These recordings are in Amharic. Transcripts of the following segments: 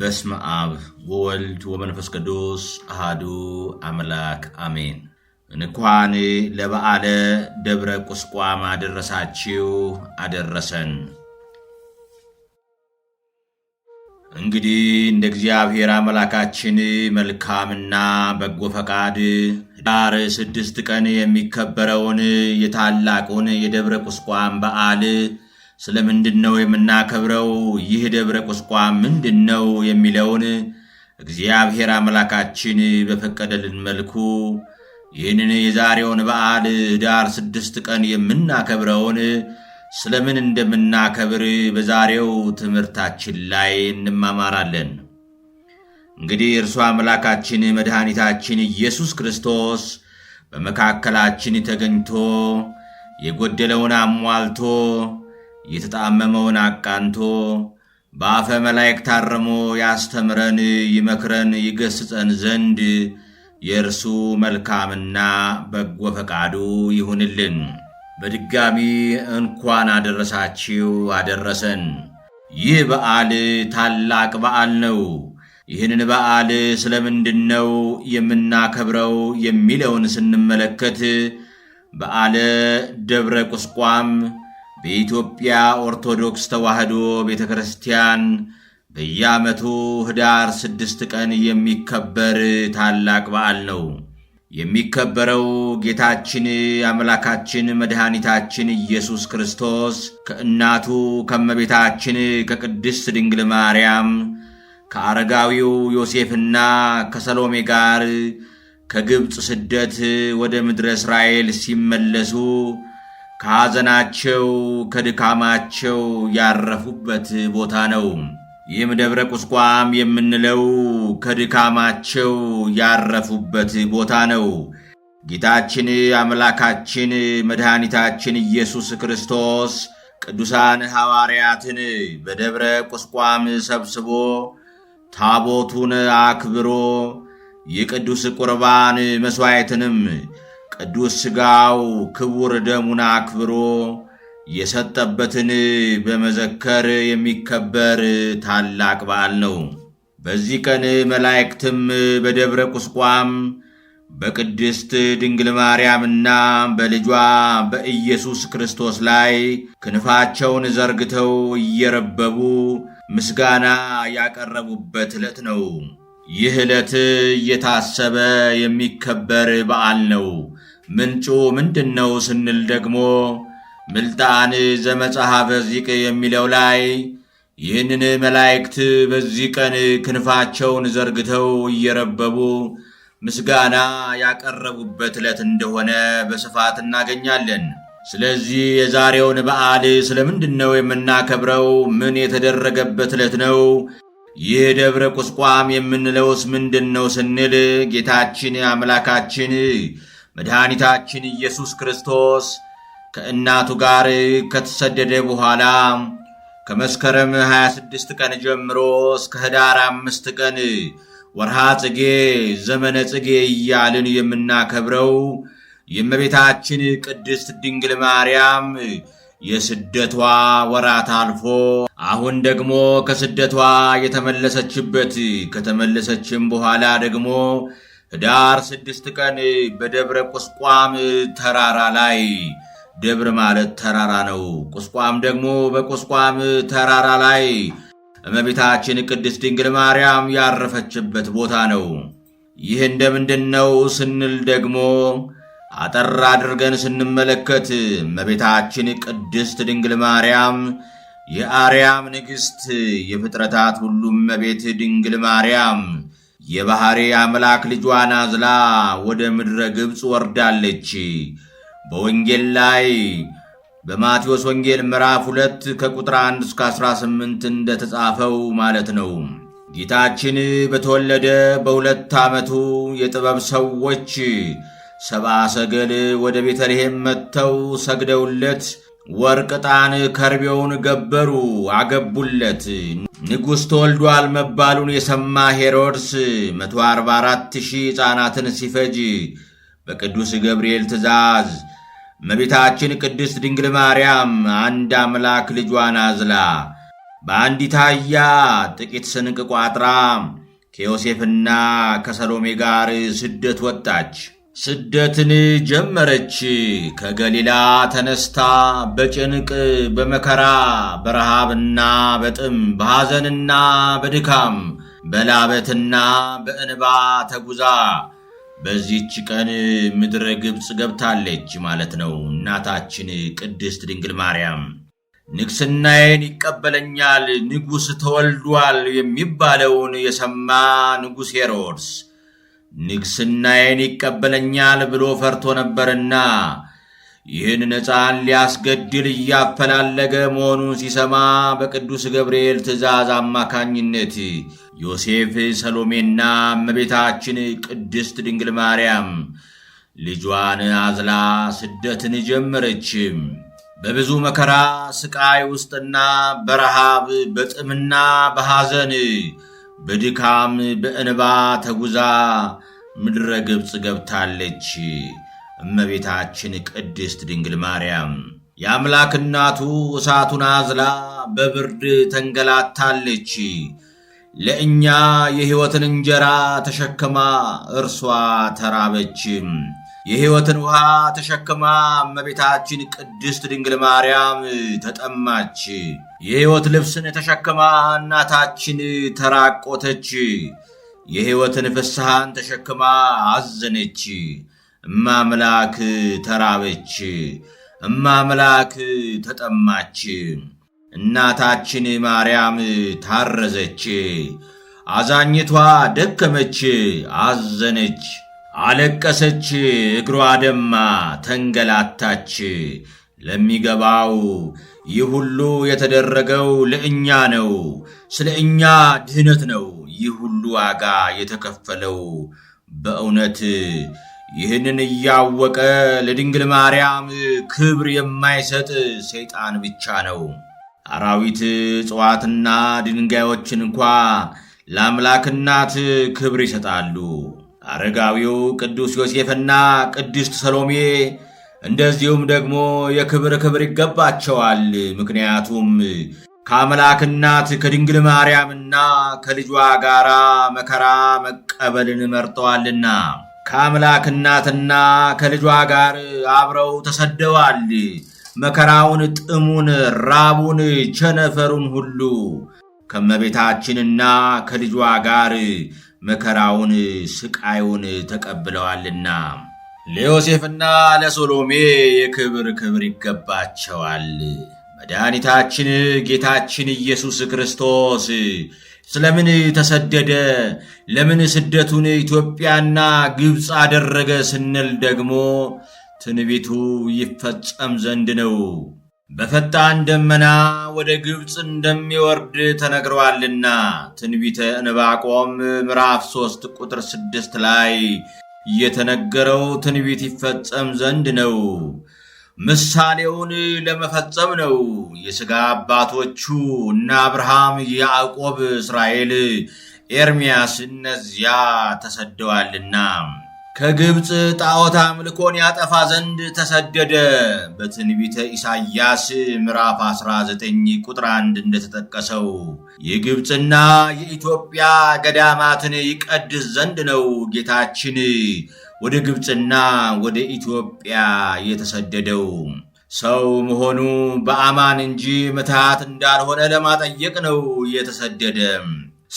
በስመ አብ ወወልድ ወመንፈስ ቅዱስ አሃዱ አምላክ አሜን። እንኳን ለበዓለ ደብረ ቁስቋም አደረሳችሁ አደረሰን። እንግዲህ እንደ እግዚአብሔር አምላካችን መልካምና በጎ ፈቃድ ዳር ስድስት ቀን የሚከበረውን የታላቁን የደብረ ቁስቋም በዓል ስለምንድን ነው የምናከብረው? ይህ ደብረ ቁስቋም ምንድን ነው የሚለውን እግዚአብሔር አምላካችን በፈቀደልን መልኩ ይህንን የዛሬውን በዓል ኅዳር ስድስት ቀን የምናከብረውን ስለምን እንደምናከብር በዛሬው ትምህርታችን ላይ እንማማራለን። እንግዲህ እርሱ አምላካችን መድኃኒታችን ኢየሱስ ክርስቶስ በመካከላችን ተገኝቶ የጎደለውን አሟልቶ የተጣመመውን አቃንቶ በአፈ መላእክት ታርሞ ያስተምረን ይመክረን ይገስጸን ዘንድ የእርሱ መልካምና በጎ ፈቃዱ ይሁንልን። በድጋሚ እንኳን አደረሳችሁ አደረሰን። ይህ በዓል ታላቅ በዓል ነው። ይህንን በዓል ስለምንድን ነው የምናከብረው የሚለውን ስንመለከት በዓለ ደብረ ቁስቋም በኢትዮጵያ ኦርቶዶክስ ተዋሕዶ ቤተ ክርስቲያን በየዓመቱ ኅዳር ስድስት ቀን የሚከበር ታላቅ በዓል ነው። የሚከበረው ጌታችን አምላካችን መድኃኒታችን ኢየሱስ ክርስቶስ ከእናቱ ከመቤታችን ከቅድስት ድንግል ማርያም ከአረጋዊው ዮሴፍና ከሰሎሜ ጋር ከግብፅ ስደት ወደ ምድረ እስራኤል ሲመለሱ ከሐዘናቸው ከድካማቸው ያረፉበት ቦታ ነው። ይህም ደብረ ቁስቋም የምንለው ከድካማቸው ያረፉበት ቦታ ነው። ጌታችን አምላካችን መድኃኒታችን ኢየሱስ ክርስቶስ ቅዱሳን ሐዋርያትን በደብረ ቁስቋም ሰብስቦ ታቦቱን አክብሮ የቅዱስ ቁርባን መሥዋዕትንም ቅዱስ ሥጋው ክቡር ደሙን አክብሮ የሰጠበትን በመዘከር የሚከበር ታላቅ በዓል ነው። በዚህ ቀን መላእክትም በደብረ ቁስቋም በቅድስት ድንግል ማርያምና በልጇ በኢየሱስ ክርስቶስ ላይ ክንፋቸውን ዘርግተው እየረበቡ ምስጋና ያቀረቡበት ዕለት ነው። ይህ ዕለት እየታሰበ የሚከበር በዓል ነው። ምንጩ ምንድን ነው ስንል ደግሞ ምልጣን ዘመጽሐፈ ዚቅ የሚለው ላይ ይህንን መላእክት በዚህ ቀን ክንፋቸውን ዘርግተው እየረበቡ ምስጋና ያቀረቡበት ዕለት እንደሆነ በስፋት እናገኛለን። ስለዚህ የዛሬውን በዓል ስለምንድን ነው የምናከብረው? ምን የተደረገበት ዕለት ነው? ይህ ደብረ ቁስቋም የምንለውስ ምንድን ነው ስንል ጌታችን አምላካችን መድኃኒታችን ኢየሱስ ክርስቶስ ከእናቱ ጋር ከተሰደደ በኋላ ከመስከረም 26 ቀን ጀምሮ እስከ ህዳር አምስት ቀን ወርሃ ጽጌ ዘመነ ጽጌ እያልን የምናከብረው የእመቤታችን ቅድስት ድንግል ማርያም የስደቷ ወራት አልፎ አሁን ደግሞ ከስደቷ የተመለሰችበት ከተመለሰችም በኋላ ደግሞ ህዳር ስድስት ቀን በደብረ ቁስቋም ተራራ ላይ ደብር ማለት ተራራ ነው። ቁስቋም ደግሞ በቁስቋም ተራራ ላይ እመቤታችን ቅድስት ድንግል ማርያም ያረፈችበት ቦታ ነው። ይህ እንደምንድን ነው ስንል ደግሞ አጠር አድርገን ስንመለከት እመቤታችን ቅድስት ድንግል ማርያም የአርያም ንግሥት የፍጥረታት ሁሉ እመቤት ድንግል ማርያም የባሕሪ አምላክ ልጇን አዝላ ወደ ምድረ ግብፅ ወርዳለች። በወንጌል ላይ በማቴዎስ ወንጌል ምዕራፍ 2 ከቁጥር 1 እስከ 18 እንደተጻፈው ማለት ነው። ጌታችን በተወለደ በሁለት ዓመቱ የጥበብ ሰዎች ሰብአ ሰገል ወደ ቤተልሔም መጥተው ሰግደውለት ወርቅ ዕጣን ከርቤውን ገበሩ አገቡለት። ንጉሥ ተወልዷል መባሉን የሰማ ሄሮድስ 144 ሺህ ሕፃናትን ሲፈጅ በቅዱስ ገብርኤል ትእዛዝ እመቤታችን ቅድስት ድንግል ማርያም አንድ አምላክ ልጇን አዝላ በአንዲት አህያ ጥቂት ስንቅ ቋጥራ ከዮሴፍና ከሰሎሜ ጋር ስደት ወጣች። ስደትን ጀመረች። ከገሊላ ተነስታ በጭንቅ በመከራ በረሃብና በጥም በሐዘንና በድካም በላበትና በእንባ ተጉዛ በዚህች ቀን ምድረ ግብፅ ገብታለች ማለት ነው። እናታችን ቅድስት ድንግል ማርያም ንግስናዬን ይቀበለኛል ንጉሥ ተወልዷል የሚባለውን የሰማ ንጉሥ ሄሮድስ ንግሥናዬን ይቀበለኛል ብሎ ፈርቶ ነበርና ይህን ሕፃን ሊያስገድል እያፈላለገ መሆኑን ሲሰማ በቅዱስ ገብርኤል ትእዛዝ አማካኝነት ዮሴፍ፣ ሰሎሜና እመቤታችን ቅድስት ድንግል ማርያም ልጇን አዝላ ስደትን ጀመረች። በብዙ መከራ ስቃይ ውስጥና በረሃብ በጥምና በሐዘን በድካም በእንባ ተጉዛ ምድረ ግብፅ ገብታለች። እመቤታችን ቅድስት ድንግል ማርያም የአምላክ እናቱ እሳቱን አዝላ በብርድ ተንገላታለች። ለእኛ የሕይወትን እንጀራ ተሸክማ እርሷ ተራበች። የሕይወትን ውሃ ተሸክማ እመቤታችን ቅድስት ድንግል ማርያም ተጠማች። የሕይወት ልብስን ተሸክማ እናታችን ተራቆተች። የሕይወትን ፍስሐን ተሸክማ አዘነች። እማ ምላክ ተራበች። እማ ምላክ ተጠማች። እናታችን ማርያም ታረዘች። አዛኝቷ ደከመች፣ አዘነች። አለቀሰች፣ እግሯ ደማ፣ ተንገላታች። ለሚገባው ይህ ሁሉ የተደረገው ለእኛ ነው፣ ስለ እኛ ድህነት ነው ይህ ሁሉ ዋጋ የተከፈለው። በእውነት ይህንን እያወቀ ለድንግል ማርያም ክብር የማይሰጥ ሰይጣን ብቻ ነው። አራዊት እጽዋትና ድንጋዮችን እንኳ ለአምላክ እናት ክብር ይሰጣሉ። አረጋዊው ቅዱስ ዮሴፍና ቅድስት ሰሎሜ እንደዚሁም ደግሞ የክብር ክብር ይገባቸዋል። ምክንያቱም ከአምላክናት ከድንግል ማርያምና ከልጇ ጋር መከራ መቀበልን መርጠዋልና ከአምላክናትና ከልጇ ጋር አብረው ተሰደዋል። መከራውን፣ ጥሙን፣ ራቡን፣ ቸነፈሩን ሁሉ ከመቤታችንና ከልጇ ጋር መከራውን ስቃዩን ተቀብለዋልና ለዮሴፍና ለሶሎሜ የክብር ክብር ይገባቸዋል። መድኃኒታችን ጌታችን ኢየሱስ ክርስቶስ ስለምን ተሰደደ? ለምን ስደቱን ኢትዮጵያና ግብፅ አደረገ ስንል ደግሞ ትንቢቱ ይፈጸም ዘንድ ነው። በፈጣን ደመና ወደ ግብፅ እንደሚወርድ ተነግረዋልና ትንቢተ ዕንባቆም ምዕራፍ 3 ቁጥር ስድስት ላይ የተነገረው ትንቢት ይፈጸም ዘንድ ነው። ምሳሌውን ለመፈጸም ነው። የሥጋ አባቶቹ እነ አብርሃም፣ ያዕቆብ፣ እስራኤል፣ ኤርምያስ እነዚያ ተሰደዋልና ከግብፅ ጣዖት አምልኮን ያጠፋ ዘንድ ተሰደደ። በትንቢተ ኢሳይያስ ምዕራፍ 19 ቁጥር 1 እንደተጠቀሰው የግብፅና የኢትዮጵያ ገዳማትን ይቀድስ ዘንድ ነው ጌታችን ወደ ግብፅና ወደ ኢትዮጵያ የተሰደደው። ሰው መሆኑ በአማን እንጂ ምትሃት እንዳልሆነ ለማጠየቅ ነው የተሰደደ።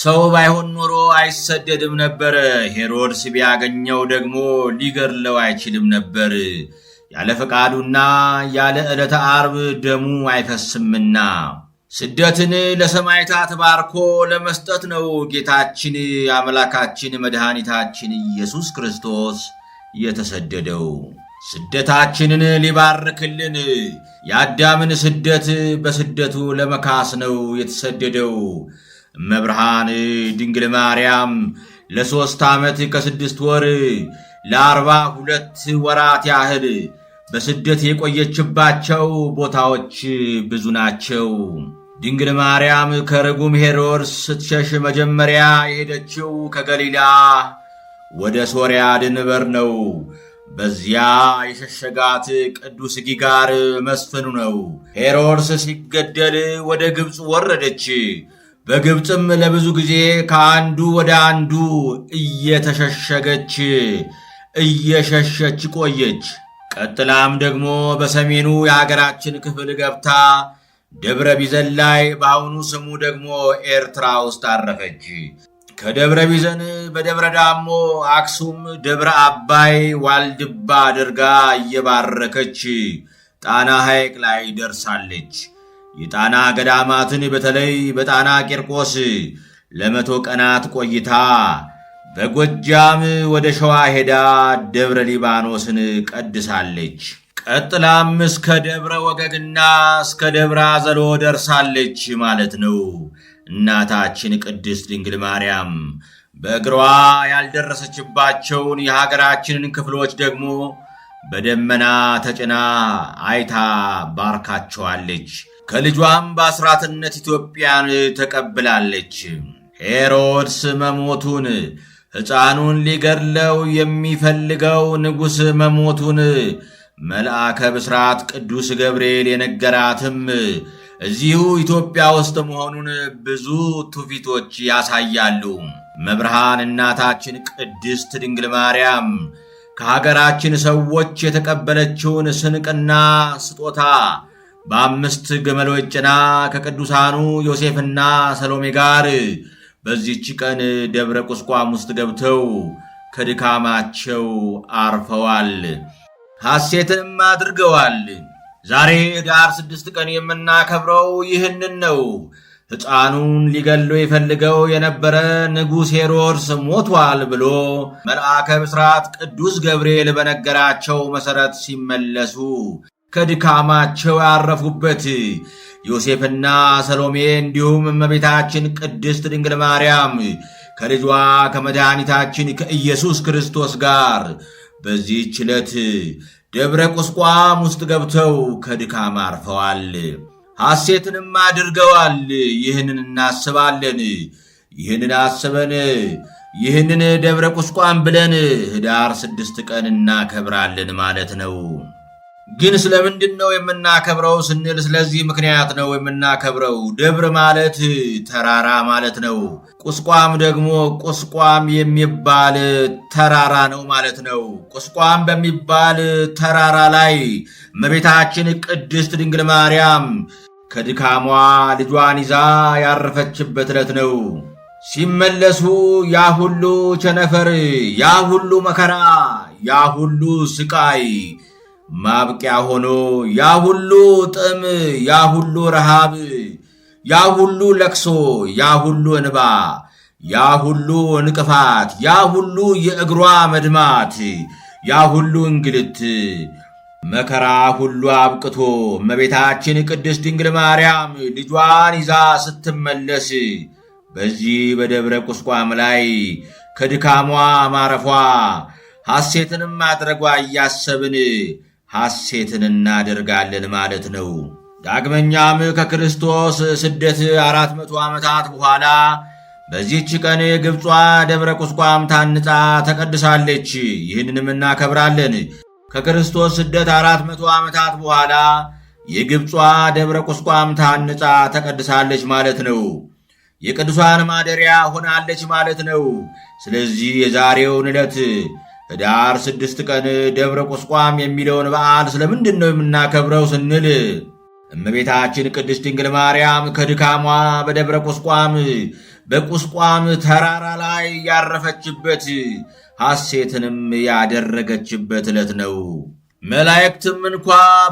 ሰው ባይሆን ኖሮ አይሰደድም ነበር። ሄሮድስ ቢያገኘው ደግሞ ሊገድለው አይችልም ነበር፣ ያለ ፈቃዱና ያለ ዕለተ አርብ ደሙ አይፈስምና። ስደትን ለሰማዕታት ባርኮ ለመስጠት ነው ጌታችን አምላካችን መድኃኒታችን ኢየሱስ ክርስቶስ የተሰደደው። ስደታችንን ሊባርክልን የአዳምን ስደት በስደቱ ለመካስ ነው የተሰደደው። እመብርሃን ድንግል ማርያም ለሦስት ዓመት ከስድስት ወር ለአርባ ሁለት ወራት ያህል በስደት የቆየችባቸው ቦታዎች ብዙ ናቸው። ድንግል ማርያም ከርጉም ሄሮድስ ስትሸሽ መጀመሪያ የሄደችው ከገሊላ ወደ ሶርያ ድንበር ነው። በዚያ የሸሸጋት ቅዱስ ጊጋር መስፍኑ ነው። ሄሮድስ ሲገደል ወደ ግብፅ ወረደች። በግብፅም ለብዙ ጊዜ ከአንዱ ወደ አንዱ እየተሸሸገች እየሸሸች ቆየች። ቀጥላም ደግሞ በሰሜኑ የሀገራችን ክፍል ገብታ ደብረ ቢዘን ላይ በአሁኑ ስሙ ደግሞ ኤርትራ ውስጥ አረፈች። ከደብረ ቢዘን በደብረ ዳሞ፣ አክሱም፣ ደብረ አባይ፣ ዋልድባ አድርጋ እየባረከች ጣና ሐይቅ ላይ ደርሳለች። የጣና ገዳማትን በተለይ በጣና ቂርቆስ ለመቶ ቀናት ቆይታ በጎጃም ወደ ሸዋ ሄዳ ደብረ ሊባኖስን ቀድሳለች። ቀጥላም እስከ ደብረ ወገግና እስከ ደብረ አዘሎ ደርሳለች ማለት ነው። እናታችን ቅድስት ድንግል ማርያም በእግሯ ያልደረሰችባቸውን የሀገራችንን ክፍሎች ደግሞ በደመና ተጭና አይታ ባርካቸዋለች። ከልጇም በአስራትነት ኢትዮጵያን ተቀብላለች። ሄሮድስ መሞቱን ሕፃኑን ሊገድለው የሚፈልገው ንጉሥ መሞቱን መልአከ ብሥራት ቅዱስ ገብርኤል የነገራትም እዚሁ ኢትዮጵያ ውስጥ መሆኑን ብዙ ትውፊቶች ያሳያሉ። መብርሃን እናታችን ቅድስት ድንግል ማርያም ከሀገራችን ሰዎች የተቀበለችውን ስንቅና ስጦታ በአምስት ገመሎች ጭና ከቅዱሳኑ ዮሴፍና ሰሎሜ ጋር በዚህች ቀን ደብረ ቁስቋም ውስጥ ገብተው ከድካማቸው አርፈዋል፣ ሐሴትም አድርገዋል። ዛሬ ዳር ስድስት ቀን የምናከብረው ይህንን ነው። ሕፃኑን ሊገሉ የፈልገው የነበረ ንጉሥ ሄሮድስ ሞቷል ብሎ መልአከ ብስራት ቅዱስ ገብርኤል በነገራቸው መሠረት ሲመለሱ ከድካማቸው ያረፉበት ዮሴፍና ሰሎሜ እንዲሁም እመቤታችን ቅድስት ድንግል ማርያም ከልጇ ከመድኃኒታችን ከኢየሱስ ክርስቶስ ጋር በዚህች ዕለት ደብረ ቁስቋም ውስጥ ገብተው ከድካም አርፈዋል፣ ሐሴትንም አድርገዋል። ይህንን እናስባለን። ይህንን አስበን ይህንን ደብረ ቁስቋም ብለን ኅዳር ስድስት ቀን እናከብራለን ማለት ነው። ግን ስለምንድን ነው የምናከብረው ስንል ስለዚህ ምክንያት ነው የምናከብረው። ደብር ማለት ተራራ ማለት ነው። ቁስቋም ደግሞ ቁስቋም የሚባል ተራራ ነው ማለት ነው። ቁስቋም በሚባል ተራራ ላይ እመቤታችን ቅድስት ድንግል ማርያም ከድካሟ ልጇን ይዛ ያረፈችበት ዕለት ነው። ሲመለሱ ያ ሁሉ ቸነፈር፣ ያ ሁሉ መከራ፣ ያ ሁሉ ስቃይ ማብቂያ ሆኖ ያ ሁሉ ጥም፣ ያ ሁሉ ረሃብ፣ ያ ሁሉ ለቅሶ፣ ያ ሁሉ እንባ፣ ያ ሁሉ እንቅፋት፣ ያ ሁሉ የእግሯ መድማት፣ ያ ሁሉ እንግልት፣ መከራ ሁሉ አብቅቶ እመቤታችን ቅድስት ድንግል ማርያም ልጇን ይዛ ስትመለስ በዚህ በደብረ ቁስቋም ላይ ከድካሟ ማረፏ ሐሴትንም ማድረጓ እያሰብን ሐሴትን እናደርጋለን ማለት ነው። ዳግመኛም ከክርስቶስ ስደት አራት መቶ ዓመታት በኋላ በዚህች ቀን ግብጿ ደብረ ቁስቋም ታንጻ ተቀድሳለች። ይህንንም እናከብራለን። ከክርስቶስ ስደት አራት መቶ ዓመታት በኋላ የግብጿ ደብረ ቁስቋም ታንጻ ተቀድሳለች ማለት ነው። የቅዱሳን ማደሪያ ሆናለች ማለት ነው። ስለዚህ የዛሬውን ዕለት ኅዳር ስድስት ቀን ደብረ ቁስቋም የሚለውን በዓል ስለምንድን ነው የምናከብረው ስንል እመቤታችን ቅድስት ድንግል ማርያም ከድካሟ በደብረ ቁስቋም በቁስቋም ተራራ ላይ ያረፈችበት ሐሴትንም ያደረገችበት ዕለት ነው። መላእክትም እንኳ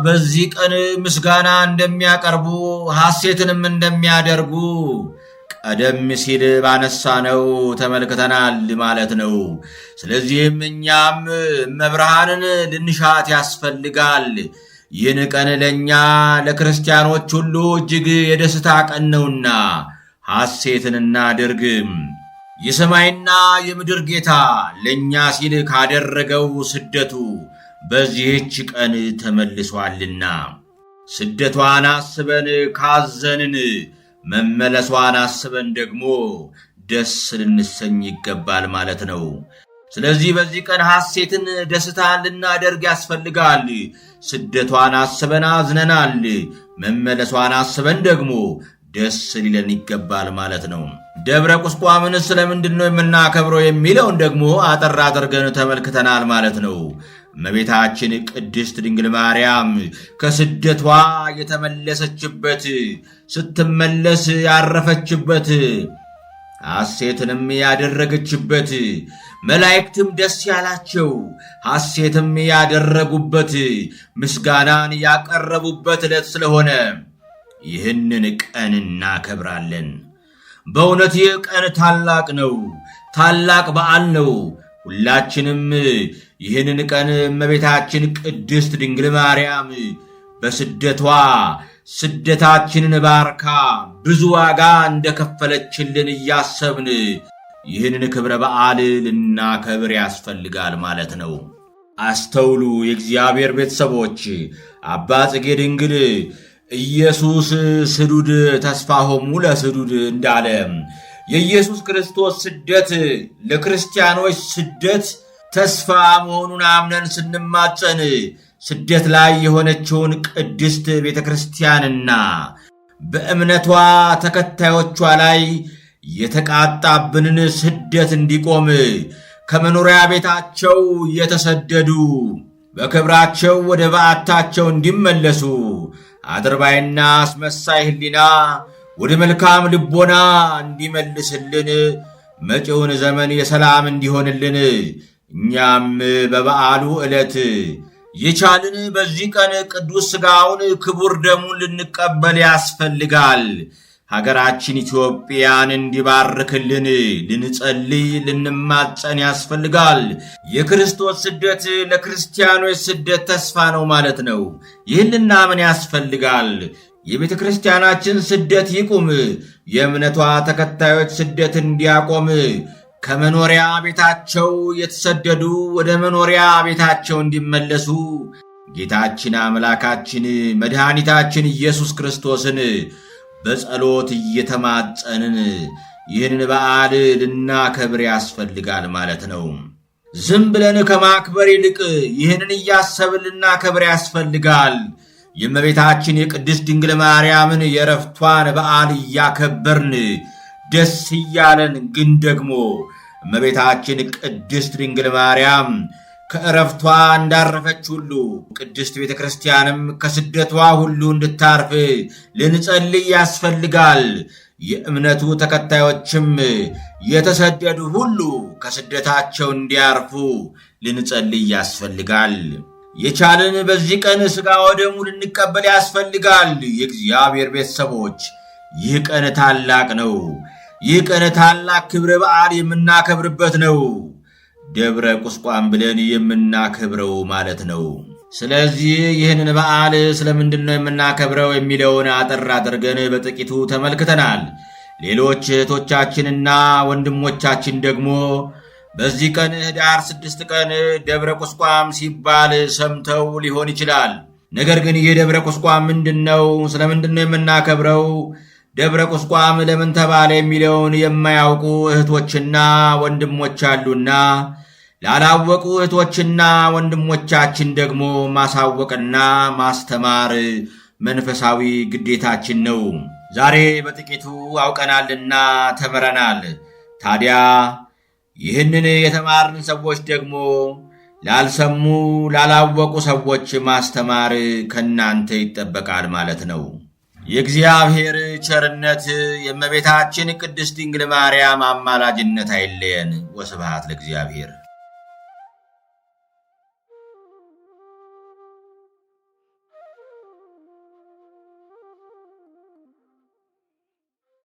በዚህ ቀን ምስጋና እንደሚያቀርቡ ሐሴትንም እንደሚያደርጉ ቀደም ሲል ባነሳ ነው ተመልክተናል ማለት ነው። ስለዚህም እኛም መብርሃንን ልንሻት ያስፈልጋል። ይህን ቀን ለእኛ ለክርስቲያኖች ሁሉ እጅግ የደስታ ቀን ነውና ሐሴትን እናድርግ። የሰማይና የምድር ጌታ ለእኛ ሲል ካደረገው ስደቱ በዚህች ቀን ተመልሷልና ስደቷን አስበን ካዘንን መመለሷን አስበን ደግሞ ደስ ልንሰኝ ይገባል ማለት ነው። ስለዚህ በዚህ ቀን ሐሴትን፣ ደስታን ልናደርግ ያስፈልጋል። ስደቷን አስበን አዝነናል። መመለሷን አስበን ደግሞ ደስ ሊለን ይገባል ማለት ነው። ደብረ ቁስቋምን ስለምንድን ነው የምናከብረው የሚለውን ደግሞ አጠር አድርገን ተመልክተናል ማለት ነው። እመቤታችን ቅድስት ድንግል ማርያም ከስደቷ የተመለሰችበት ስትመለስ ያረፈችበት ሐሴትንም ያደረገችበት መላእክትም ደስ ያላቸው ሐሴትም ያደረጉበት ምስጋናን ያቀረቡበት ዕለት ስለሆነ ይህንን ቀን እናከብራለን። በእውነት ይህ ቀን ታላቅ ነው፣ ታላቅ በዓል ነው። ሁላችንም ይህንን ቀን እመቤታችን ቅድስት ድንግል ማርያም በስደቷ ስደታችንን ባርካ ብዙ ዋጋ እንደከፈለችልን እያሰብን ይህንን ክብረ በዓል ልናከብር ያስፈልጋል ማለት ነው። አስተውሉ የእግዚአብሔር ቤተሰቦች አባ ጽጌ ድንግል ኢየሱስ ስዱድ ተስፋሆሙ ለስዱድ እንዳለ የኢየሱስ ክርስቶስ ስደት ለክርስቲያኖች ስደት ተስፋ መሆኑን አምነን ስንማፀን ስደት ላይ የሆነችውን ቅድስት ቤተ ክርስቲያንና በእምነቷ ተከታዮቿ ላይ የተቃጣብንን ስደት እንዲቆም ከመኖሪያ ቤታቸው የተሰደዱ በክብራቸው ወደ በዓታቸው እንዲመለሱ አድርባይና አስመሳይ ህሊና ወደ መልካም ልቦና እንዲመልስልን መጪውን ዘመን የሰላም እንዲሆንልን እኛም በበዓሉ ዕለት የቻልን በዚህ ቀን ቅዱስ ሥጋውን ክቡር ደሙን ልንቀበል ያስፈልጋል። ሀገራችን ኢትዮጵያን እንዲባርክልን ልንጸልይ ልንማጸን ያስፈልጋል። የክርስቶስ ስደት ለክርስቲያኖች ስደት ተስፋ ነው ማለት ነው። ይህን ልናምን ያስፈልጋል። የቤተ ክርስቲያናችን ስደት ይቁም። የእምነቷ ተከታዮች ስደት እንዲያቆም ከመኖሪያ ቤታቸው የተሰደዱ ወደ መኖሪያ ቤታቸው እንዲመለሱ ጌታችን አምላካችን መድኃኒታችን ኢየሱስ ክርስቶስን በጸሎት እየተማጸንን ይህንን በዓል ልናከብር ያስፈልጋል ማለት ነው። ዝም ብለን ከማክበር ይልቅ ይህንን እያሰብን ልናከብር ያስፈልጋል። የእመቤታችን የቅድስት ድንግል ማርያምን የረፍቷን በዓል እያከበርን ደስ እያለን ግን ደግሞ እመቤታችን ቅድስት ድንግል ማርያም ከእረፍቷ እንዳረፈች ሁሉ ቅድስት ቤተ ክርስቲያንም ከስደቷ ሁሉ እንድታርፍ ልንጸልይ ያስፈልጋል። የእምነቱ ተከታዮችም የተሰደዱ ሁሉ ከስደታቸው እንዲያርፉ ልንጸልይ ያስፈልጋል። የቻልን በዚህ ቀን ሥጋ ወደሙ ልንቀበል ያስፈልጋል። የእግዚአብሔር ቤተሰቦች ይህ ቀን ታላቅ ነው። ይህ ቀን ታላቅ ክብረ በዓል የምናከብርበት ነው። ደብረ ቁስቋም ብለን የምናከብረው ማለት ነው። ስለዚህ ይህንን በዓል ስለምንድን ነው የምናከብረው የሚለውን አጠር አድርገን በጥቂቱ ተመልክተናል። ሌሎች እህቶቻችንና ወንድሞቻችን ደግሞ በዚህ ቀን ህዳር ስድስት ቀን ደብረ ቁስቋም ሲባል ሰምተው ሊሆን ይችላል። ነገር ግን ይህ ደብረ ቁስቋም ምንድን ነው? ስለምንድን ነው የምናከብረው? ደብረ ቁስቋም ለምን ተባለ የሚለውን የማያውቁ እህቶችና ወንድሞች አሉና ላላወቁ እህቶችና ወንድሞቻችን ደግሞ ማሳወቅና ማስተማር መንፈሳዊ ግዴታችን ነው። ዛሬ በጥቂቱ አውቀናልና ተምረናል። ታዲያ ይህንን የተማርን ሰዎች ደግሞ ላልሰሙ፣ ላላወቁ ሰዎች ማስተማር ከእናንተ ይጠበቃል ማለት ነው። የእግዚአብሔር ቸርነት የእመቤታችን ቅድስት ድንግል ማርያም አማላጅነት አይለየን። ወስብሐት ለእግዚአብሔር።